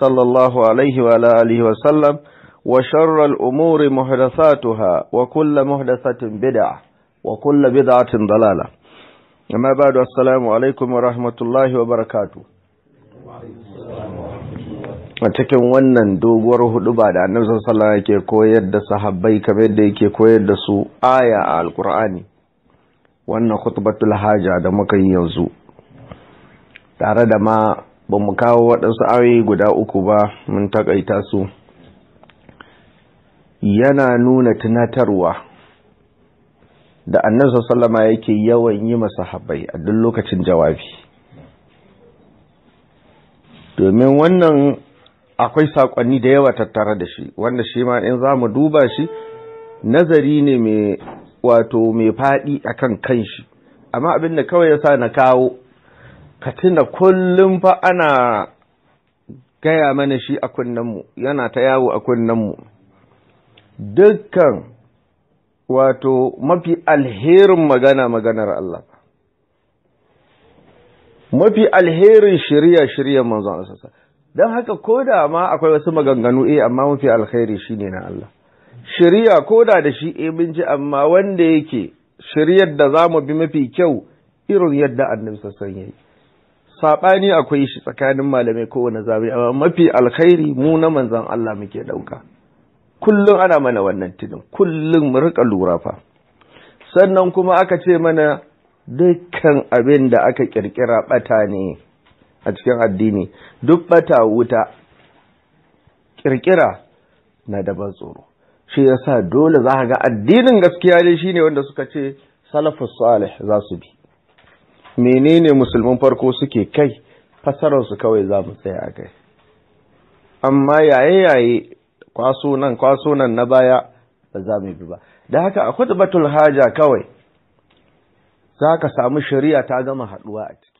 صلى الله عليه وعلى آله وسلم وشر الأمور محدثاتها وكل محدثة بدعة وكل بدعة ضلالة أما بعد السلام عليكم ورحمة الله وبركاته a cikin wannan doguwar hudu ba da annabi sallallahu alaihi yake koyar da sahabbai kamar yadda yake koyar da su aya a alqur'ani wannan khutbatul haja da muka yi yanzu tare da ma ba mu kawo waɗansu ayoyi guda uku ba mun takaita su yana nuna tunatarwa da annabi sallama yake yawan yi haɓai a duk lokacin jawabi domin wannan akwai saƙonni da yawa tattare da shi wanda shi ma in za mu duba shi nazari ne mai wato mai faɗi akan kanshi amma abinda kawai ya sa na kawo ka tuna kullum fa ana gaya mana shi a kunnenmu yana ta yawo a kunnenmu dukkan wato mafi alherin magana maganar Allah mafi alherin shirya shirya manzo Allah don haka koda ma akwai wasu maganganu eh amma mafi alheri shine na Allah shirya koda da da shi eh mun amma wanda yake shiryar da zamu bi mafi kyau irin yadda annabi sassan yayi saɓani akwai shi tsakanin malamai kowane zabi amma mafi alkhairi mu na manzan Allah muke ɗauka kullum ana mana wannan tunin kullum mu rika lura fa sannan kuma aka ce mana dukkan abin da aka ƙirƙira bata ne a cikin addini duk bata wuta ƙirƙira na da ban tsoro shi yasa dole za ga addinin gaskiya ne shine wanda suka ce salafus salih za su bi menene musulman farko suke kai fasararsu kawai za mu tsaya a kai amma yaye-yaye kwaso nan kwaso nan na baya ba za mu bi ba da haka a batul haja kawai za ka samu shari'a ta gama haɗuwa a ciki